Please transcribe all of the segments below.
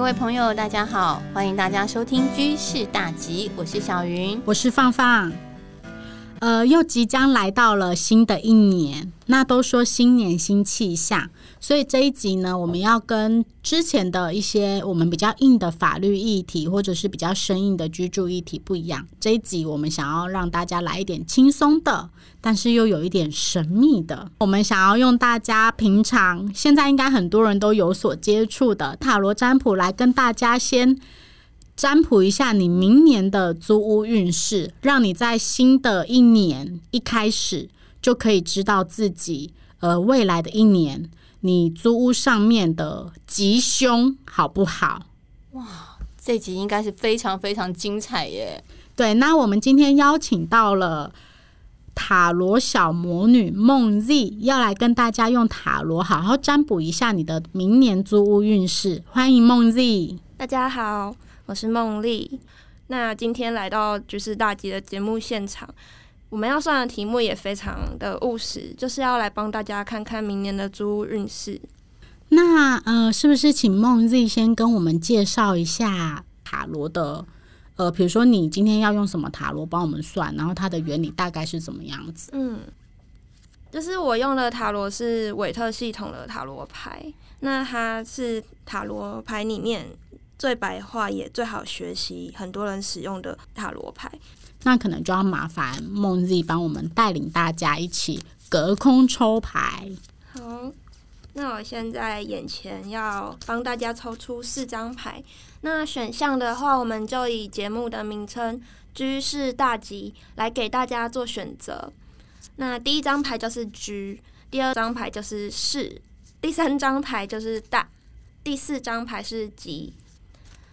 各位朋友，大家好，歡迎大家收聽《居士大吉》，我是小云，我是放放，呃，又即將來到了新的一年，那都說新年新氣象。所以這一集呢，我們要跟之前的一些我們比較硬的法律議題，或者是比較生硬的居住議題不一樣。這一集我們想要讓大家來一點輕鬆的，但是又有一點神秘的。我們想要用大家平常現在應該很多人都有所接觸的塔羅占卜，來跟大家先占卜一下你明年的租屋運勢，讓你在新的一年一開始就可以知道自己呃未來的一年。你租屋上面的吉凶好不好？哇，這集應該是非常非常精彩耶！對，那我們今天邀請到了塔羅小魔女夢 Z，要來跟大家用塔羅好好占卜一下你的明年租屋運勢。歡迎夢 Z，大家好，我是夢麗。那今天來到就是大吉的節目現場。我們要算的題目也非常的務實，就是要來幫大家看看明年的租運勢。那呃，是不是請夢 Z 先跟我們介紹一下塔羅的？呃，比如說你今天要用什麼塔羅幫我們算，然後它的原理大概是怎麼樣子？嗯，就是我用的塔羅是韋特系統的塔羅牌，那它是塔羅牌裡面最白話也最好學習，很多人使用的塔羅牌。那可能就要麻煩夢 Z 幫我們帶領大家一起隔空抽牌。好，那我現在眼前要幫大家抽出四張牌。那選項的話，我們就以節目的名稱“居士大吉”來給大家做選擇。那第一張牌就是“居”，第二張牌就是“士”，第三張牌就是“大”，第四張牌是“吉”。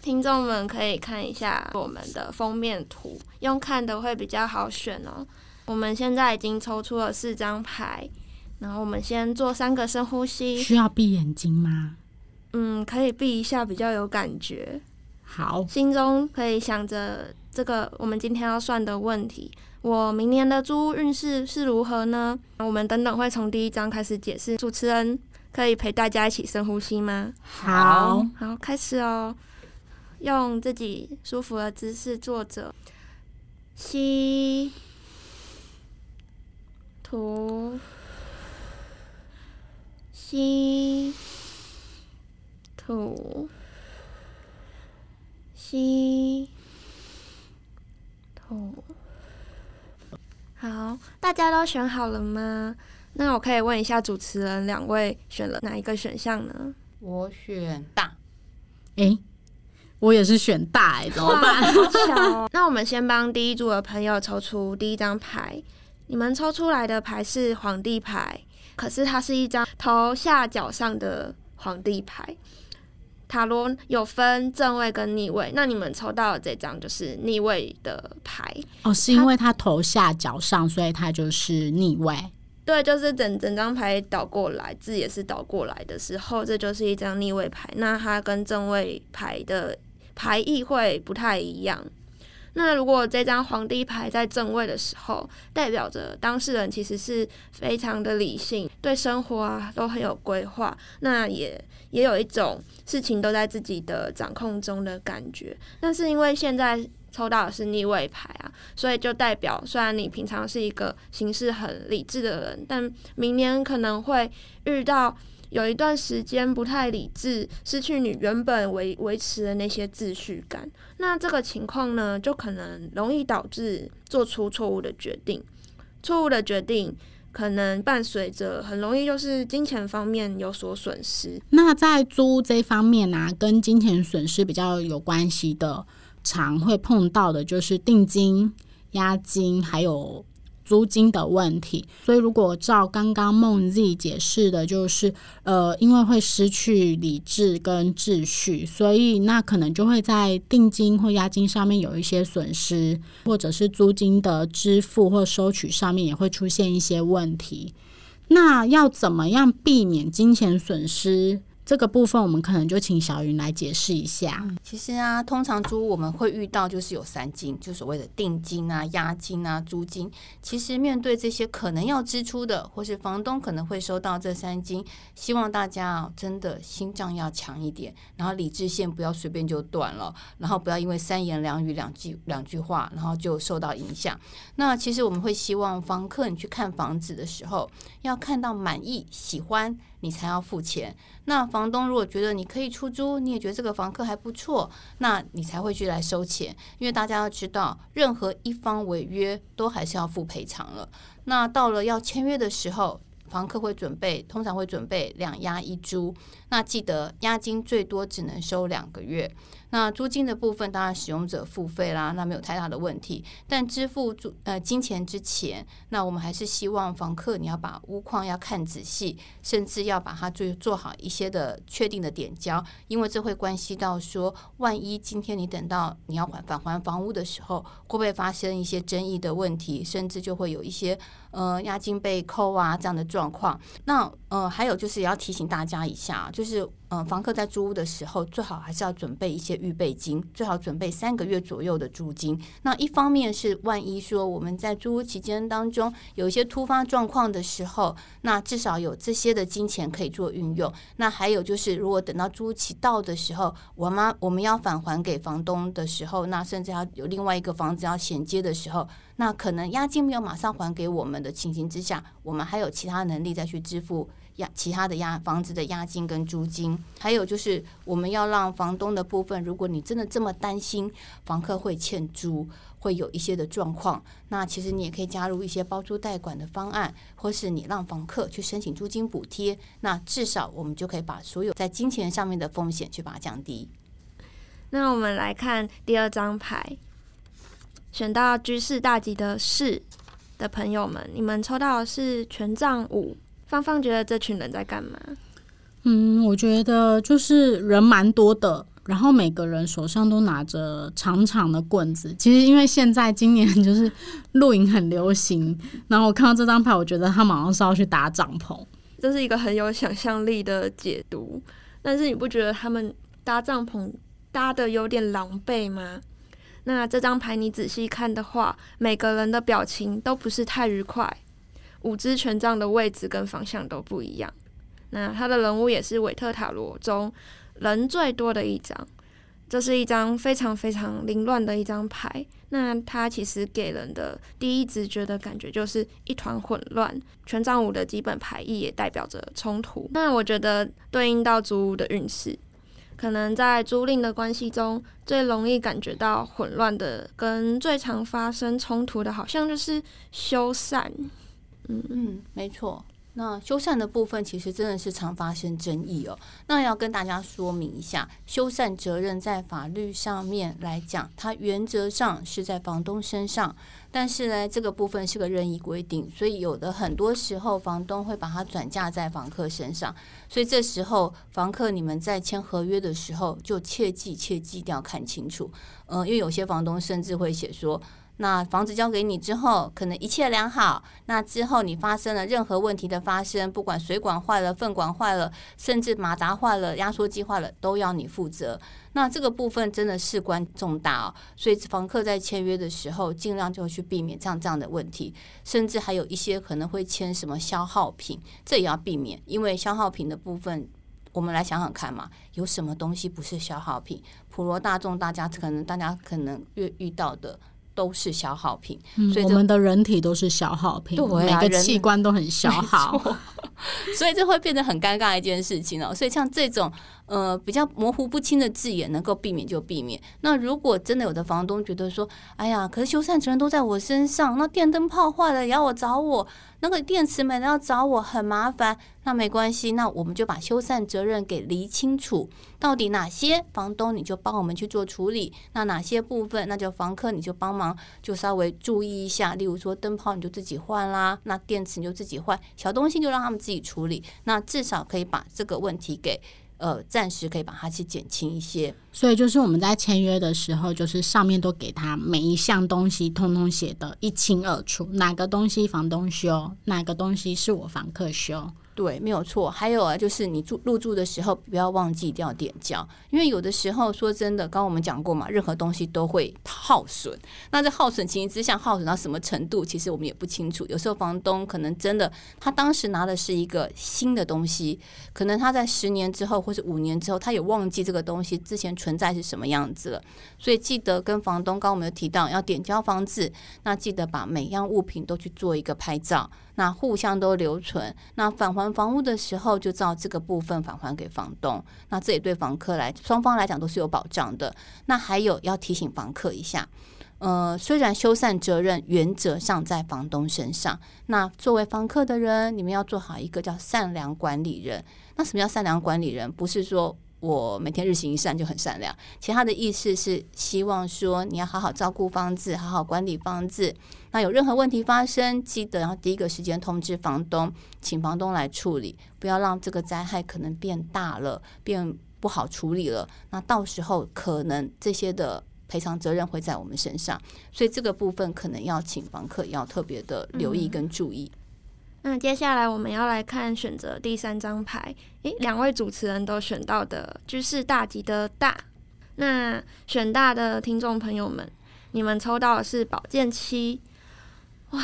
聽眾們可以看一下我們的封面圖，用看的會比較好選哦。我們現在已經抽出了四張牌，然後我們先做三個深呼吸。需要閉眼睛嗎？嗯，可以閉一下，比較有感覺。好，心中可以想着這個我們今天要算的問題：我明年的租運勢是如何呢？我們等等會從第一張開始解釋。主持人可以陪大家一起深呼吸嗎？好好，開始哦。用自己舒服的姿勢坐着，吸，吐，吸，吐，吸，吐。好，大家都選好了嗎？那我可以問一下主持人，兩位選了哪一個選項呢？我選大。誒。我也是選大、欸，怎麼辦？啊、好巧、哦。 那我們先幫第一組的朋友抽出第一張牌。你們抽出來的牌是皇帝牌，可是它是一張頭下腳上的皇帝牌。塔羅有分正位跟逆位，那你們抽到的這張就是逆位的牌。哦，是因為它頭下腳上，所以它就是逆位。對，就是整整張牌倒過來，字也是倒過來的時候，這就是一張逆位牌。那它跟正位牌的。牌意會不太一樣。那如果這張皇帝牌在正位的時候，代表着當事人其實是非常的理性，對生活啊都很有規劃。那也也有一種事情都在自己的掌控中的感覺。但是因為現在抽到的是逆位牌啊，所以就代表雖然你平常是一個行事很理智的人，但明年可能會遇到。有一段時間不太理智，失去你原本維維持的那些秩序感，那這個情況呢，就可能容易導致做出錯誤的決定。錯誤的決定可能伴隨着很容易就是金錢方面有所損失。那在租這方面呢啊，跟金錢損失比較有關係的，常會碰到的就是定金、押金，還有。租金的問題，所以如果照剛剛夢 Z 解釋的，就是呃，因為會失去理智跟秩序，所以那可能就會在定金或押金上面有一些損失，或者是租金的支付或收取上面也會出現一些問題。那要怎麼樣避免金錢損失？這個部分我們可能就請小雲來解釋一下。其實啊，通常租我們會遇到就是有三金，就所謂的定金啊、押金啊、租金。其實面對這些可能要支出的，或是房東可能會收到這三金，希望大家啊真的心臟要強一點，然後理智線不要隨便就斷了，然後不要因為三言兩語，兩句兩句話，然後就受到影響。那其實我們會希望房客你去看房子的時候，要看到滿意、喜歡，你才要付錢。那房東如果覺得你可以出租，你也覺得這個房客還不錯，那你才會去來收錢。因為大家要知道，任何一方違約都還是要付賠償了。那到了要簽約的時候，房客會準備，通常會準備兩押一租。那記得押金最多只能收兩個月。那租金的部分當然使用者付費啦，那沒有太大的問題。但支付租呃金錢之前，那我們還是希望房客你要把屋況要看仔細，甚至要把它做做好一些的確定的點交，因為這會關係到說，萬一今天你等到你要還返房還房屋的時候，會不會發生一些爭議的問題，甚至就會有一些呃押金被扣啊這樣的狀況。那呃還有就是，也要提醒大家一下，就是呃房客在租屋的時候，最好還是要準備一些。預備金最好準備三個月左右的租金。那一方面是萬一說我們在租期間當中有一些突發狀況的時候，那至少有這些的金錢可以做運用。那還有就是，如果等到租期到的時候，我媽我們要返還給房東的時候，那甚至要有另外一個房子要銜接的時候，那可能押金沒有馬上還給我們的情形之下，我們還有其他能力再去支付。押其他的押房子的押金跟租金，還有就是我們要讓房東的部分，如果你真的這麼擔心房客會欠租，會有一些的狀況，那其實你也可以加入一些包租代管的方案，或是你讓房客去申請租金補貼，那至少我們就可以把所有在金錢上面的風險去把它降低。那我們來看第二張牌，選到居士大吉的是的朋友們，你們抽到的是權杖五。芳芳覺得這群人在幹嘛？嗯，我覺得就是人蠻多的，然後每個人手上都拿着長長的棍子。其實因為現在今年就是露營很流行，然後我看到這張牌，我覺得他馬上是要去搭帳篷。這是一個很有想象力的解讀，但是你不覺得他們搭帳篷搭得有點狼狽嗎？那這張牌你仔細看的話，每個人的表情都不是太愉快。五支權杖的位置跟方向都不一樣，那他的人物也是韋特塔羅中人最多的一張。這是一張非常非常凌亂的一張牌，那他其實給人的第一直覺的感覺就是一團混亂。權杖五的基本牌意也代表着衝突。那我覺得對應到租屋的運勢，可能在租賃的關係中最容易感覺到混亂的，跟最常發生衝突的，好像就是修繕。嗯嗯，沒錯。那修繕的部分其實真的是常發生爭議哦。那要跟大家說明一下，修繕責任在法律上面來講，它原則上是在房東身上，但是呢，這個部分是個任意規定，所以有的很多時候房東會把它轉嫁在房客身上。所以這時候房客，你們在簽合約的時候就切記切記，一定要看清楚。嗯、呃，因為有些房東甚至會寫說。那房子交給你之後，可能一切良好。那之後你發生了任何問題的發生，不管水管壞了、糞管壞了，甚至馬達壞了、壓縮機壞了，都要你負責。那這個部分真的事關重大哦。所以房客在簽約的時候，儘量就去避免這樣這樣的問題。甚至還有一些可能會簽什麼消耗品，這也要避免，因為消耗品的部分，我們來想想看嘛，有什麼東西不是消耗品？普羅大眾大家可能大家可能會遇到的。都是消耗品，嗯、所以我們的人體都是消耗品，對啊，每個器官都很消耗，所以這會變成很尷尬的一件事情哦。所以像這種。呃，比較模糊不清的字眼能夠避免就避免。那如果真的有的房東覺得說，哎呀，可是修繕責任都在我身上，那電燈泡壞了也要我找我，那個電池沒了要找我很麻煩，那沒關係，那我們就把修繕責任給理清楚，到底哪些房東你就幫我們去做處理，那哪些部分那就房客你就幫忙就稍微注意一下，例如說燈泡你就自己換啦，那電池你就自己換，小東西就讓他們自己處理，那至少可以把這個問題給。呃，暫時可以把它去減輕一些。所以就是我們在簽約的時候，就是上面都給他每一項東西通通寫的一清二楚，哪個東西房東修，哪個東西是我房客修。對，沒有錯。還有啊，就是你住入住的時候，不要忘記一定要點交，因為有的時候說真的，剛剛我們講過嘛，任何東西都會耗損。那在耗損情形之下，耗損到什麼程度，其實我們也不清楚。有時候房東可能真的，他當時拿的是一個新的東西，可能他在十年之後或是五年之後，他也忘記這個東西之前存在是什麼樣子了。所以記得跟房東，剛剛我們有提到要點交房子，那記得把每樣物品都去做一個拍照，那互相都留存，那返還。房屋的時候就照這個部分返還給房東，那這也對房客來雙方來講都是有保障的。那還有要提醒房客一下，呃，雖然修繕責任原則上在房東身上，那作為房客的人，你們要做好一個叫善良管理人。那什麼叫善良管理人？不是說。我每天日行一善就很善良，其他的意思是希望說，你要好好照顧房子，好好管理房子。那有任何問題發生，記得要第一個時間通知房東，請房東來處理，不要讓這個災害可能變大了，變不好處理了。那到時候可能這些的賠償責任會在我們身上，所以這個部分可能要請房客要特別的留意跟注意。嗯那接下來我們要來看選擇第三張牌，誒、欸，兩位主持人都選到的居士大吉的大。那選大的聽眾朋友們，你們抽到的是寶劍七，哇，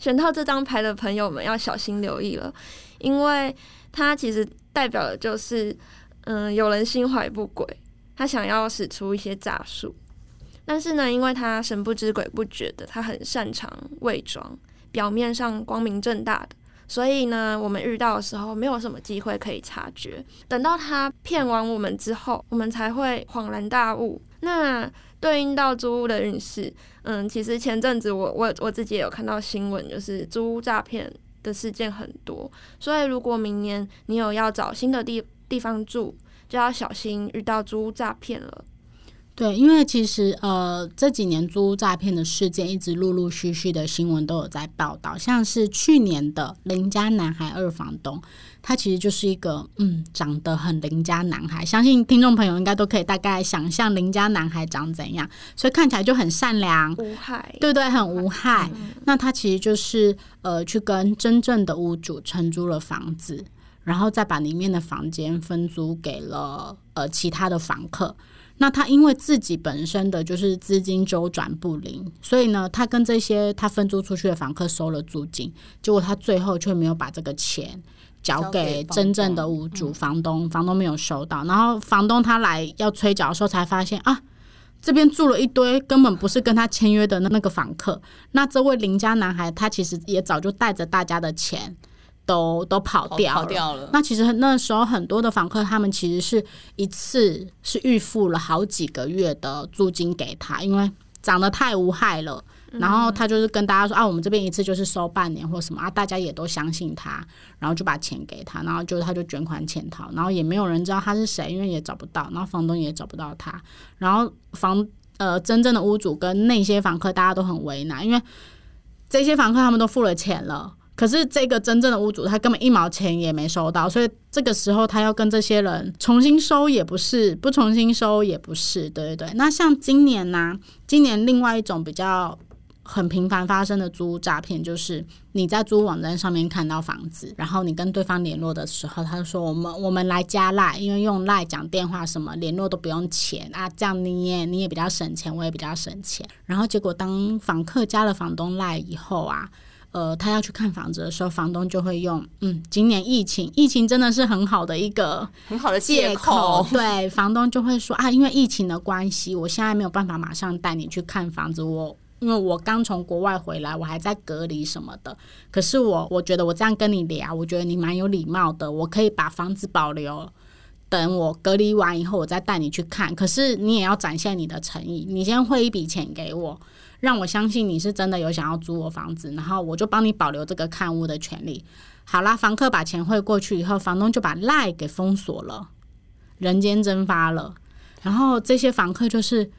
選到這張牌的朋友們要小心留意了，因為它其實代表的就是，嗯、呃，有人心懷不軌，他想要使出一些詐術，但是呢，因為他神不知鬼不覺的，他很擅長偽裝。表面上光明正大的，所以呢，我們遇到的時候沒有什麼機會可以察覺。等到他騙完我們之後，我們才會恍然大悟。那對應到租屋的運勢，嗯，其實前陣子我我我自己也有看到新聞，就是租屋詐騙的事件很多。所以如果明年你有要找新的地地方住，就要小心遇到租屋詐騙了。對，因為其實呃這幾年租屋詐騙的事件一直陸陸續續的新聞都有在報道，像是去年的鄰家男孩二房東，他其實就是一個嗯長得很鄰家男孩，相信聽眾朋友應該都可以大概想象鄰家男孩長怎樣，所以看起來就很善良無害，對不對？很無害。嗯、那他其實就是呃去跟真正的屋主承租了房子，然後再把裡面的房間分租給了呃其他的房客。那他因為自己本身的就是資金周轉不靈，所以呢，他跟這些他分租出去的房客收了租金，結果他最後卻沒有把這個錢交給真正的屋主房東，房東，房東沒有收到，然後房東他來要催繳的時候才發現啊，這邊住了一堆根本不是跟他簽約的那那個房客，那這位鄰家男孩他其實也早就帶着大家的錢。都都跑掉了，跑掉了。那其實那時候很多的房客，他們其實是一次是預付了好幾個月的租金給他，因為長得太無害了。嗯、然後他就是跟大家說啊，我們這邊一次就是收半年或什麼啊，大家也都相信他，然後就把錢給他，然後就他就捲款潛逃，然後也沒有人知道他是誰，因為也找不到，然後房東也找不到他，然後房呃真正的屋主跟那些房客大家都很為難，因為這些房客他們都付了錢了。可是這個真正的屋主他根本一毛錢也沒收到，所以這個時候他要跟這些人重新收也不是，不重新收也不是，對對對。那像今年呢、啊？今年另外一種比較很頻繁發生的租屋詐騙，就是你在租屋網站上面看到房子，然後你跟對方聯絡的時候，他就說我們我們來加賴，因為用賴講電話什麼聯絡都不用錢啊，這樣你也你也比較省錢，我也比較省錢。然後結果當房客加了房東賴以後啊。呃，他要去看房子的時候，房東就會用嗯，今年疫情，疫情真的是很好的一個很好的借口。對，房東就會說啊，因為疫情的關係，我現在沒有辦法馬上帶你去看房子，我因為我剛從國外回來，我還在隔離什麼的。可是我我覺得我這樣跟你聊，我覺得你蠻有禮貌的，我可以把房子保留，等我隔離完以後，我再帶你去看。可是你也要展現你的誠意，你先匯一筆錢給我。讓我相信你是真的有想要租我房子，然後我就幫你保留這個看屋的權利。好啦，房客把錢匯過去以後，房東就把賴給封鎖了，人間蒸發了。然後這些房客就是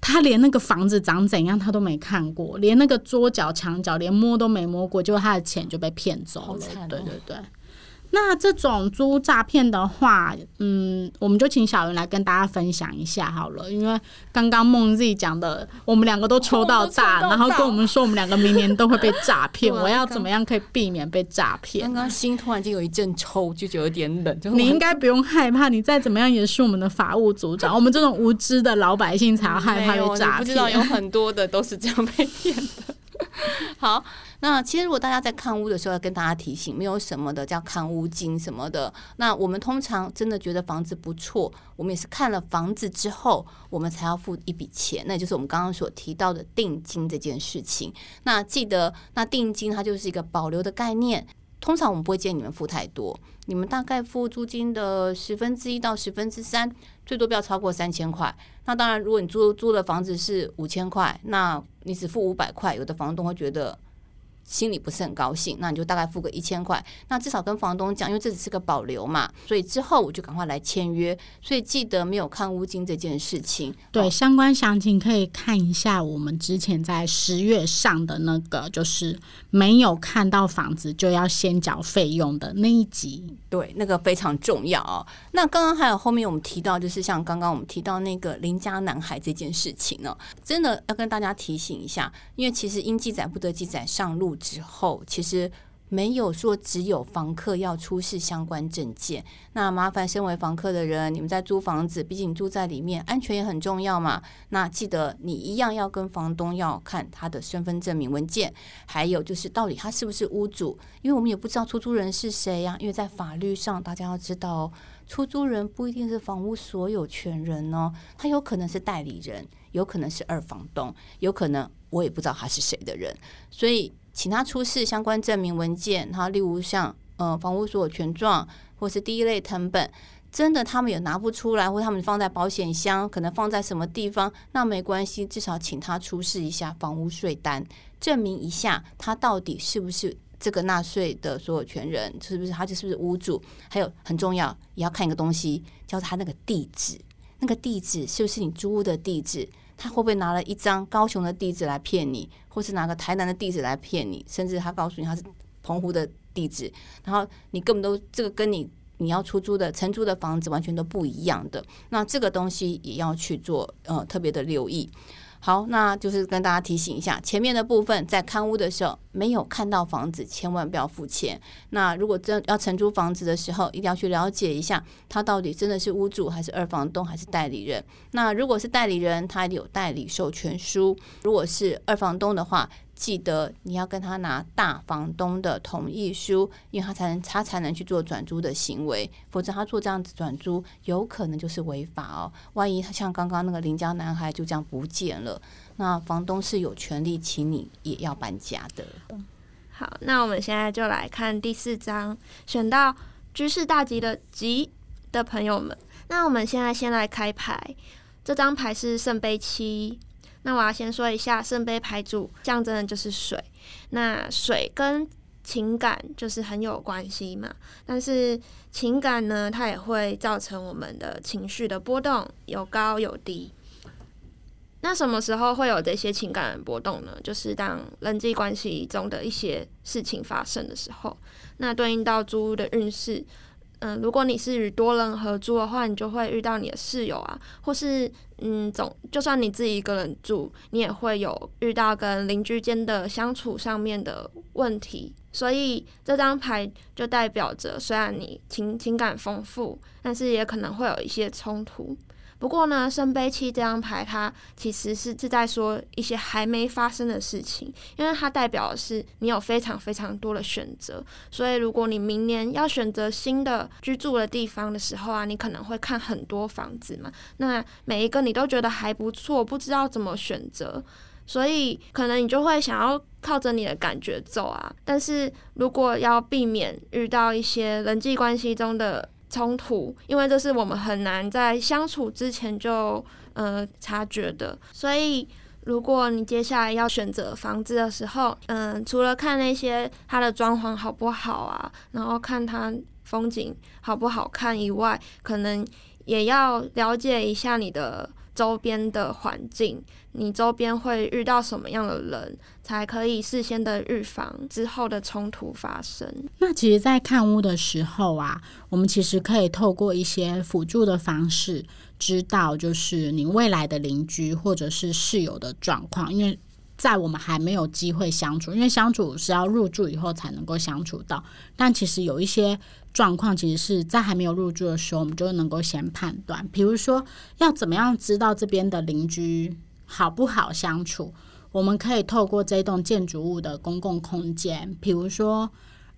他連那個房子長怎樣他都沒看過，連那個桌角牆角連摸都沒摸過，結果他的錢就被騙走了。哦、對對對。那這種租詐騙的話，嗯，我們就請小雲來跟大家分享一下好了，因為剛剛夢 Z 講的，我們兩個都抽到詐，然後跟我們說我們兩個明年都會被詐騙， 啊、我要怎麼樣可以避免被詐騙？剛剛心突然間有一陣抽，就覺得有點冷。就是、你應該不用害怕，你再怎麼樣也是我們的法務組長， 我們這種無知的老百姓才要害怕被詐騙。有，我知道有很多的都是這樣被騙的。 好，那其實如果大家在看屋的時候，要跟大家提醒，沒有什麼的叫看屋金什麼的。那我們通常真的覺得房子不錯，我們也是看了房子之後，我們才要付一筆錢，那也就是我們剛剛所提到的定金這件事情。那記得，那定金它就是一個保留的概念。通常我們不會建議你們付太多，你們大概付租金的十分之一到十分之三，10，最多不要超過三千塊。那當然，如果你租租的房子是五千塊，那你只付五百塊，有的房東會覺得。心裡不是很高興，那你就大概付個一千塊，那至少跟房東講，因為這只是個保留嘛，所以之後我就趕快來簽約。所以記得沒有看屋金這件事情，對、哦、相關詳情可以看一下我們之前在十月上的那個，就是沒有看到房子就要先繳費用的那一集，對，那個非常重要，哦。那剛剛還有後面我們提到，就是像剛剛我們提到那個鄰家男孩這件事情呢、哦，真的要跟大家提醒一下，因為其實應記載不得記載上路。之後，其實沒有說只有房客要出示相關證件。那麻煩身為房客的人，你們在租房子，畢竟住在裡面，安全也很重要嘛。那記得你一樣要跟房東要看他的身份證明文件，還有就是到底他是不是屋主，因為我們也不知道出租人是誰呀。因為在法律上，大家要知道，出租人不一定是房屋所有權人哦，他有可能是代理人，有可能是二房東，有可能我也不知道他是誰的人，所以。請他出示相關證明文件，然後例如像呃房屋所有權狀或是第一類謄本，真的他們也拿不出來，或他們放在保險箱，可能放在什麼地方，那沒關係，至少請他出示一下房屋稅單，證明一下他到底是不是這個納稅的所有權人，是不是他就是不是屋主，還有很重要，也要看一個東西，叫他那個地址，那個地址是不是你租的地址？他會不會拿了一張高雄的地址來騙你，或是拿個台南的地址來騙你？甚至他告訴你他是澎湖的地址，然後你根本都這個跟你，你要出租的承租的房子完全都不一樣的。那這個東西也要去做呃特別的留意。好，那就是跟大家提醒一下，前面的部分在看屋的時候沒有看到房子，千萬不要付錢。那如果真要承租房子的時候，一定要去了解一下，他到底真的是屋主，還是二房東，還是代理人。那如果是代理人，他有代理授權書；如果是二房東的話。記得你要跟他拿大房東的同意書，因為他才能他才能去做轉租的行為，否則他做這樣子轉租有可能就是違法哦。萬一他像剛剛那個鄰家男孩就這樣不見了，那房東是有權利請你也要搬家的。好，那我們現在就來看第四張，選到知識大吉的吉的朋友們，那我們現在先來開牌，這張牌是聖杯七。那我要先說一下聖杯牌組，象徵的就是水，那水跟情感就是很有關係嘛。但是情感呢，它也會造成我們的情緒的波動，有高有低。那什麼時候會有這些情感的波動呢？就是當人際關係中的一些事情發生的時候，那對應到租屋的運勢。嗯、呃，如果你是與多人合租的話，你就會遇到你的室友啊，或是嗯，總就算你自己一個人住，你也會有遇到跟鄰居間的相處上面的問題。所以這張牌就代表着，雖然你情情感豐富，但是也可能會有一些衝突。不過呢，聖杯七這張牌它其實是是在說一些還沒發生的事情，因為它代表的是你有非常非常多的選擇，所以如果你明年要選擇新的居住的地方的時候啊，你可能會看很多房子嘛，那每一個你都覺得還不錯，不知道怎麼選擇，所以可能你就會想要靠着你的感覺走啊，但是如果要避免遇到一些人際關係中的。衝突，因為這是我們很難在相處之前就呃察覺的。所以，如果你接下來要選擇房子的時候，嗯、呃，除了看那些它的裝潢好不好啊，然後看它風景好不好看以外，可能也要了解一下你的。周邊的環境，你周邊會遇到什麼樣的人，才可以事先的預防之後的衝突發生。那其實，在看屋的時候啊，我們其實可以透過一些輔助的方式，知道就是你未來的鄰居或者是室友的狀況，因為。在我們還沒有機會相處，因為相處是要入住以後才能夠相處到。但其實有一些狀況，其實是在還沒有入住的時候，我們就能夠先判斷。比如說，要怎麼樣知道這邊的鄰居好不好相處？我們可以透過這棟建築物的公共空間，比如說，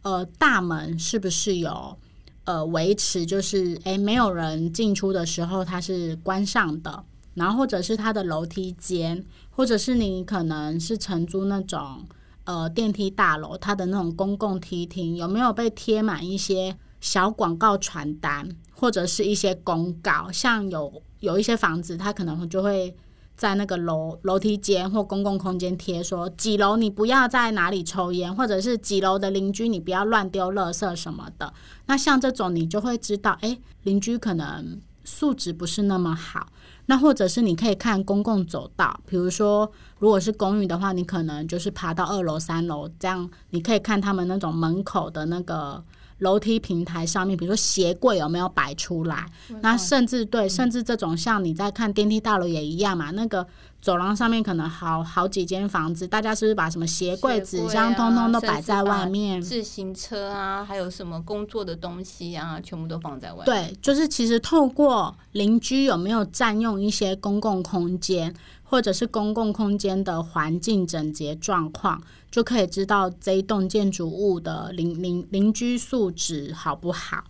呃，大門是不是有呃維持，就是誒、欸、沒有人進出的時候，它是關上的。然後，或者是它的樓梯間，或者是你可能是承租那種呃電梯大樓，它的那種公共梯廳有沒有被貼滿一些小廣告傳單，或者是一些公告？像有有一些房子，它可能就會在那個樓樓梯間或公共空間貼說幾樓你不要在哪裡抽煙，或者是幾樓的鄰居你不要亂丟垃圾什麼的。那像這種，你就會知道，哎，鄰居可能素質不是那麼好。那或者是你可以看公共走道，比如說，如果是公寓的話，你可能就是爬到二樓、三樓，這樣你可以看他們那種門口的那個，樓梯平台上面，比如說鞋櫃有沒有擺出來？嗯、那甚至對，嗯、甚至這種像你在看電梯大樓也一樣嘛，那個走廊上面可能好好幾間房子，大家是不是把什麼鞋櫃、紙箱通通都擺在外面，啊、自行車啊，還有什麼工作的東西啊，全部都放在外面？對，就是其實透過鄰居有沒有佔用一些公共空間，或者是公共空間的環境整潔狀況，就可以知道這一棟建築物的鄰鄰鄰居素質好不好。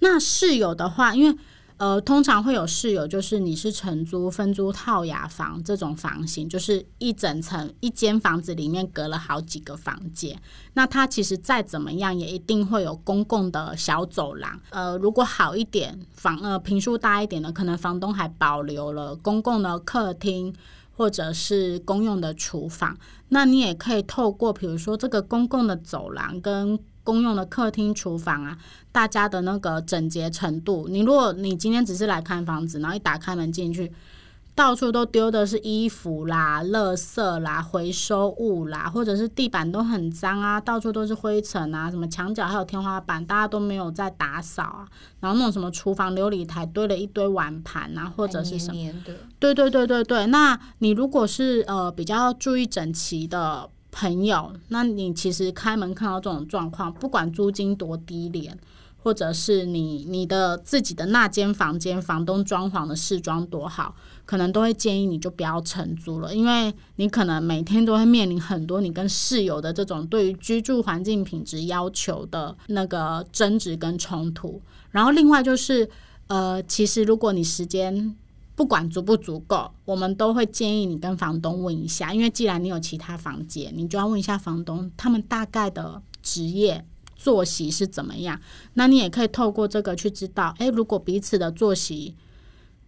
那室友的話，因為呃，通常會有室友，就是你是承租分租套雅房這種房型，就是一整層一間房子裡面隔了好幾個房間。那它其實再怎麼樣，也一定會有公共的小走廊。呃，如果好一點，房呃坪數大一點的，可能房東還保留了公共的客廳。或者是公用的廚房，那你也可以透過，比如說這個公共的走廊跟公用的客廳、廚房啊，大家的那個整潔程度。你如果你今天只是來看房子，然後一打開門進去，到處都丟的是衣服啦、垃圾啦、回收物啦，或者是地板都很髒啊，到處都是灰塵啊，什麼牆角還有天花板，大家都沒有在打掃啊。然後那種什麼廚房流理台堆了一堆碗盤啊，或者是什麼。黏黏的對對對對對，那你如果是呃比較注意整齊的朋友，那你其實開門看到這種狀況，不管租金多低廉。或者是你你的自己的那間房間，房東裝潢的試裝多好，可能都會建議你就不要承租了，因為你可能每天都會面臨很多你跟室友的這種對於居住環境品質要求的那個爭執跟衝突。然後另外就是，呃，其實如果你時間，不管足不足夠，我們都會建議你跟房東問一下，因為既然你有其他房間，你就要問一下房東，他們大概的職業。作息是怎麼樣？那你也可以透過這個去知道，誒、欸，如果彼此的作息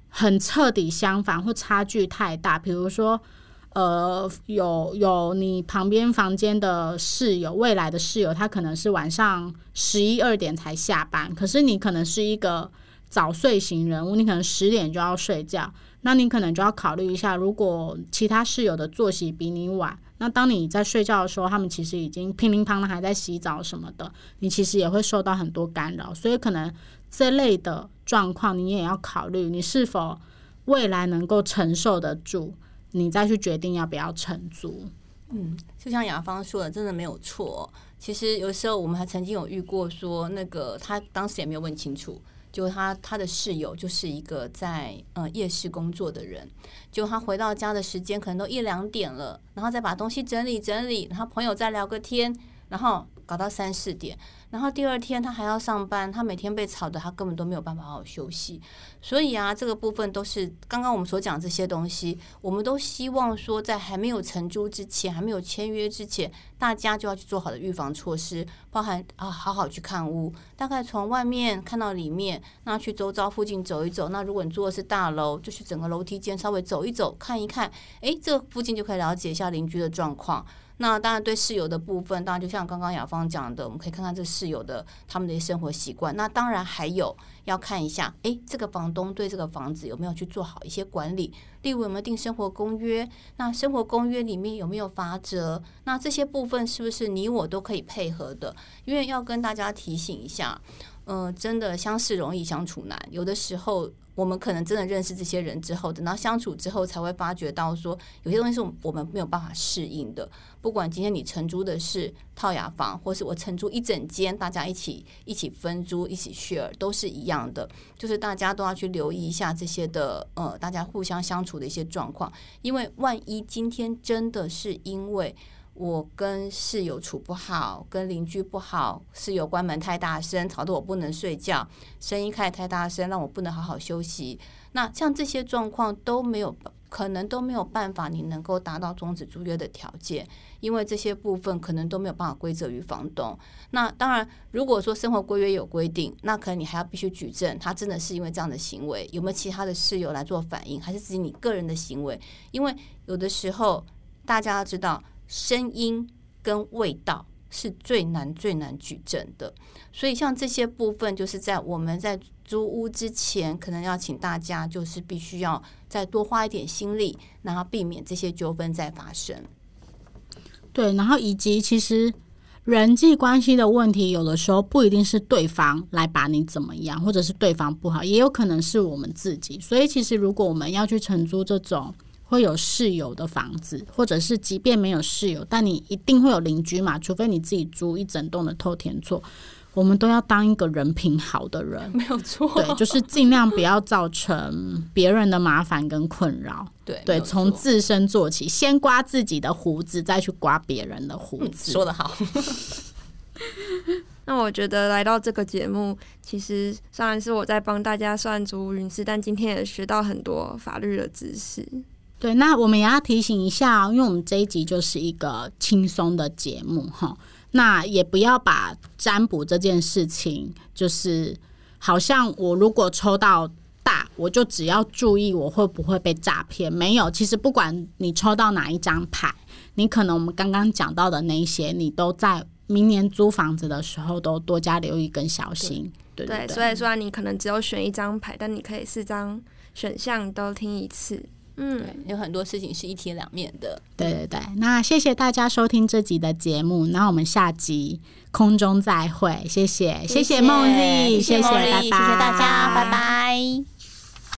很徹底相反或差距太大，比如說，呃，有有你旁邊房間的室友，未來的室友，他可能是晚上十一二點才下班，可是你可能是一個早睡型人物，你可能十點就要睡覺，那你可能就要考慮一下，如果其他室友的作息比你晚。那當你在睡覺的時候，他們其實已經乒鈴乓啷還在洗澡什麼的，你其實也會受到很多干擾，所以可能這類的狀況你也要考慮，你是否未來能夠承受得住，你再去決定要不要承租。嗯，就像雅芳說的，真的沒有錯。其實有時候我們還曾經有遇過說，說那個他當時也沒有問清楚。就他，他的室友就是一個在呃夜市工作的人。就他回到家的時間可能都一兩點了，然後再把東西整理整理，然後朋友再聊個天。然後搞到三四點，然後第二天他還要上班，他每天被吵的，他根本都沒有辦法好好休息。所以啊，這個部分都是剛剛我們所講的這些東西，我們都希望說，在還沒有承租之前，還沒有簽約之前，大家就要去做好的預防措施，包含啊，好好去看屋，大概從外面看到裡面，那去周遭附近走一走，那如果你住的是大樓，就去整個樓梯間稍微走一走，看一看，誒，這個、附近就可以了解一下鄰居的狀況。那當然，對室友的部分，當然就像剛剛雅芳講的，我們可以看看這室友的他們的生活習慣。那當然還有要看一下，誒，這個房東對這個房子有沒有去做好一些管理？例如有沒有定生活公約？那生活公約裡面有沒有罰則？那這些部分是不是你我都可以配合的？因為要跟大家提醒一下，嗯、呃，真的相識，容易相處難，有的時候。我們可能真的認識這些人之後，等到相處之後，才會發覺到說，有些東西是我們沒有辦法適應的。不管今天你承租的是套雅房，或是我承租一整間，大家一起一起分租、一起 share，都是一樣的。就是大家都要去留意一下這些的，呃，大家互相相處的一些狀況。因為萬一今天真的是因為。我跟室友處不好，跟鄰居不好，室友關門太大聲，吵得我不能睡覺，聲音開太大聲，讓我不能好好休息。那像這些狀況都沒有，可能都沒有辦法，你能夠達到終止租約的條件，因為這些部分可能都沒有辦法歸責於房東。那當然，如果說生活規約有規定，那可能你還要必須舉證，他真的是因為這樣的行為，有沒有其他的室友來做反應，還是自己你個人的行為？因為有的時候大家要知道。聲音跟味道是最難最難舉證的，所以像這些部分，就是在我們在租屋之前，可能要請大家就是必須要再多花一點心力，然後避免這些糾紛再發生。對，然後以及其實人際關係的問題，有的時候不一定是對方來把你怎麼樣，或者是對方不好，也有可能是我們自己。所以其實如果我們要去承租這種會有室友的房子，或者是即便沒有室友，但你一定會有鄰居嘛，除非你自己租一整棟的透天厝，我們都要當一個人品好的人，沒有錯。對，就是盡量不要造成別人的麻煩跟困擾。對對，對從自身做起，先刮自己的鬍子，再去刮別人的鬍子。嗯，說得好。 那我覺得來到這個節目，其實雖然是我在幫大家算租屋運勢，但今天也學到很多法律的知識。對，那我們也要提醒一下哦，因為我們這一集就是一個輕鬆的節目哈。那也不要把占卜這件事情，就是好像我如果抽到大，我就只要注意我會不會被詐騙。沒有，其實不管你抽到哪一張牌，你可能我們剛剛講到的那些，你都在明年租房子的時候都多加留意跟小心。對對，對，對，對，所以說你可能只有選一張牌，但你可以四張選項都聽一次。嗯，有很多事情是一體兩面的。對對對，那謝謝大家收聽這集的節目，那我們下集空中再會。謝謝，謝謝，謝謝夢麗，謝謝，謝謝大家，拜拜。拜拜。